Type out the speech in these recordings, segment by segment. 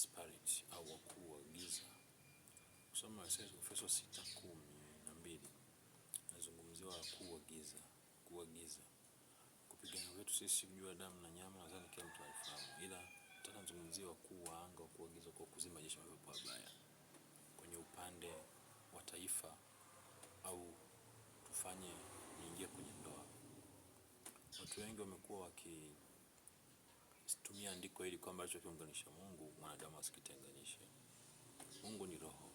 disparate au wakuu wa giza. Kusoma Efeso sita kumi na mbili nazungumziwa wakuu wa giza, wakuu wa giza, kupigana wetu sisi juu ya damu na nyama, nadhani kila mtu alifahamu, ila nataka nizungumzie wakuu wa anga, wakuu wa giza kwa kuzima jeshi la pepo wabaya kwenye upande wa taifa, au tufanye niingie kwenye ndoa. Watu wengi wamekuwa waki tumia andiko hili kwamba alichokiunganisha Mungu mwanadamu asikitenganishe. Mungu ni roho.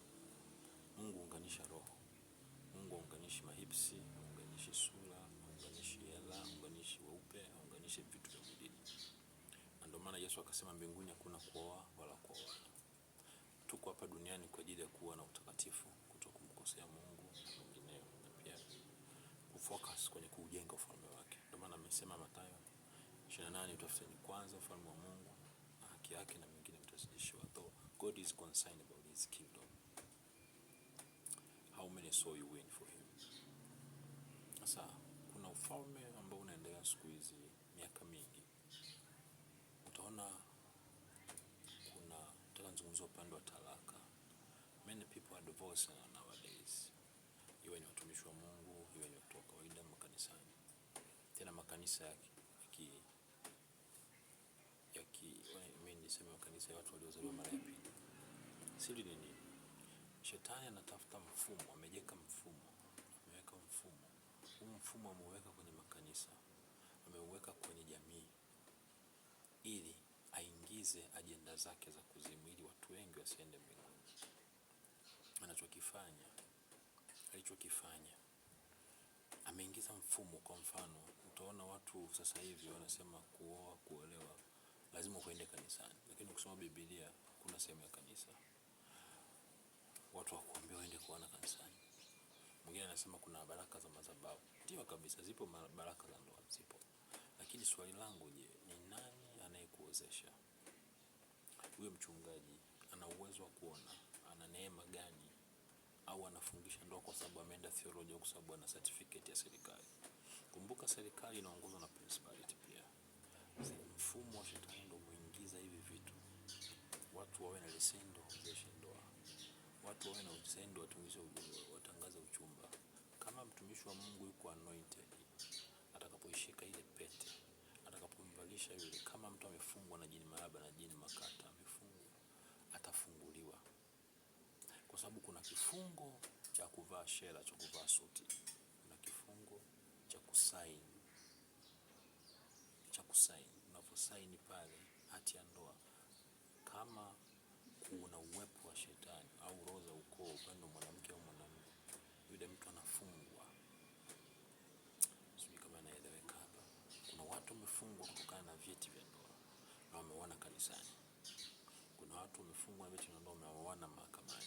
Mungu unganisha roho. Mungu unganishi mahipsi, unganishi sura, unganishi hela, unganishi weupe, unganishi vitu vya mwilini. Na ndio maana Yesu akasema mbinguni hakuna kuoa wala kuoana. Tuko hapa duniani kwa ajili ya kuwa na utakatifu, kutokumkosea Mungu na mengineyo, na pia kufocus kwenye kujenga ufalme wake. Ndio maana amesema 28 utafuteni kwanza ufalme wa Mungu na haki yake na mengine mtazidishiwa. Though God is concerned about his kingdom. How many saw you win for him? Sasa kuna ufalme ambao unaendelea siku hizi miaka mingi. Utaona kuna nataka nizungumzie upande wa talaka. Many people are divorced nowadays. Iwe ni watumishi wa Mungu, iwe ni watu wa kawaida makanisani. Tena makanisa yaki mimi niseme wa kanisa ya watu waliozaliwa mara ya pili. Siri ni nini? Shetani anatafuta mfumo, amejeka mfumo, ameweka mfumo. Huu mfumo ameuweka kwenye makanisa, ameuweka kwenye jamii ili aingize ajenda zake za kuzimu ili watu wengi wasiende mbinguni. Anachokifanya, alichokifanya ameingiza mfumo. Kwa mfano, utaona watu sasa hivi wanasema kuoa, kuolewa lazima uende kanisani, lakini ukisoma Biblia kuna sehemu ya kanisa watu wakuambia waende kuona kanisani. Mwingine anasema kuna baraka za madhabahu. Ndio kabisa, zipo baraka za ndoa zipo, lakini swali langu, je, ni nani anayekuwezesha? Huyo mchungaji ana uwezo wa kuona? Ana neema gani? Au anafungisha ndoa kwa sababu ameenda theology, au kwa sababu ana certificate ya serikali? Kumbuka serikali inaongozwa na principality mfumo wa shetani ndio kuingiza hivi vitu, watu wawe na leseni ndio waongeshe ndoa, watu wawe na leseni ndio watungishe watangaze uchumba. Kama mtumishi wa Mungu yuko anointed, atakapoishika ile pete, atakapomvalisha yule, kama mtu amefungwa na jini mahaba na jini makata, amefungwa atafunguliwa, kwa sababu kuna kifungo cha kuvaa shela cha kuvaa suti pale hati ya ndoa, kama kuna uwepo wa shetani au roho za ukoo upande wa mwanamke au mwanamume, yule mtu anafungwa. Sijui kama naeleweka hapa. Kuna watu wamefungwa kutokana na vyeti vya ndoa na wameona kanisani. Kuna watu wamefungwa vyeti vya ndoa wameona mahakamani.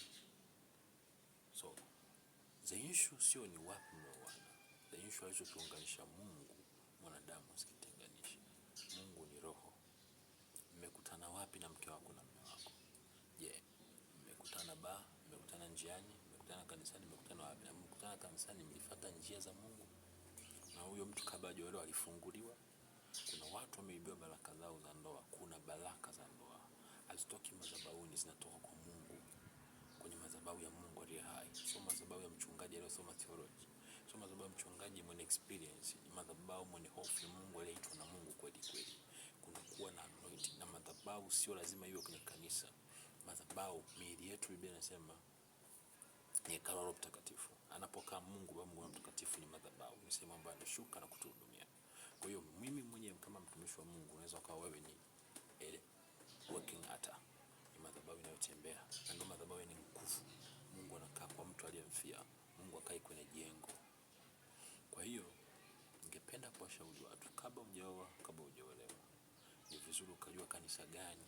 So the issue sio ni wapi mmeoana, the issue alichokiunganisha Mungu mwanadamu vipi na mke wako na mume wako? Je, mmekutana ba, mmekutana njiani, mmekutana kanisani, mmekutana wapi? Na mmekutana kanisani, mlifuata njia za Mungu? Na huyo mtu kabla hajaolewa alifunguliwa? Kuna watu wameibiwa baraka zao za ndoa. Kuna baraka za ndoa hazitoki madhabahuni, zinatoka kwa Mungu, kwenye madhabahu ya Mungu aliye hai, sio madhabahu ya mchungaji aliyosoma theology, sio madhabahu ya mchungaji mwenye experience, madhabahu mwenye hofu ya Mungu aliyeitwa na Mungu kweli kweli kunakuwa na anointing, na madhabahu sio lazima iwe kwenye kanisa. Madhabahu miili yetu, Biblia inasema ni hekalu la Roho Mtakatifu. Anapokaa Mungu Baba, Mungu Mtakatifu ni madhabahu, ni sehemu ambayo anashuka na kutuhudumia. Kwa hiyo mimi mwenyewe kama mtumishi wa Mungu, unaweza ukawa wewe ni ele eh, working altar, ni madhabahu inayotembea, na ndio madhabahu ni nguvu. Mungu anakaa kwa mtu aliyemfia, Mungu akai kwenye jengo. Kwa hiyo ningependa kuwashauri watu, kabla hujaoa, kabla hujaolewa ni vizuri ukajua kanisa gani,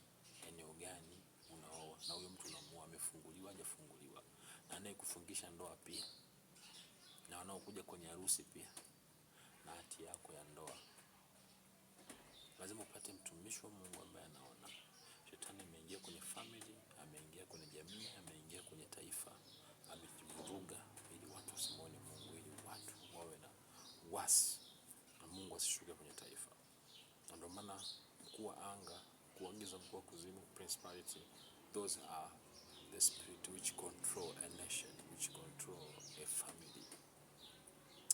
eneo gani unaoa na huyo mtu unamuoa amefunguliwa hajafunguliwa, na anayekufungisha ndoa pia, na wanaokuja kwenye harusi pia, na hati yako ya ndoa. Lazima upate mtumishi wa Mungu ambaye anaona shetani ameingia kwenye family, ameingia kwenye jamii, ameingia kwenye taifa, amejivuruga ili watu wasimwone Mungu, ili watu wawe na wasi na Mungu asishuke kwenye taifa, na ndio maana kuwa anga, kuagiza mkuu wa kuzimu, principality, those are the spirit which control a nation, which control a family.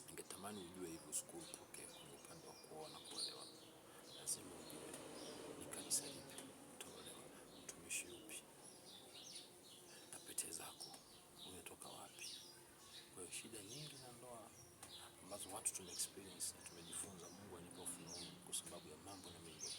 Ningetamani ujue hivyo, usikuu tokee kwa upande wa kuona kuelewa, lazima ujue ni kanisa lipi tolewa, mtumishi upi, na pete zako umetoka wapi? Kwa hiyo shida nyingi za ndoa ambazo watu tume experience na tumejifunza, Mungu anipe ufunuo kwa sababu ya mambo na mengi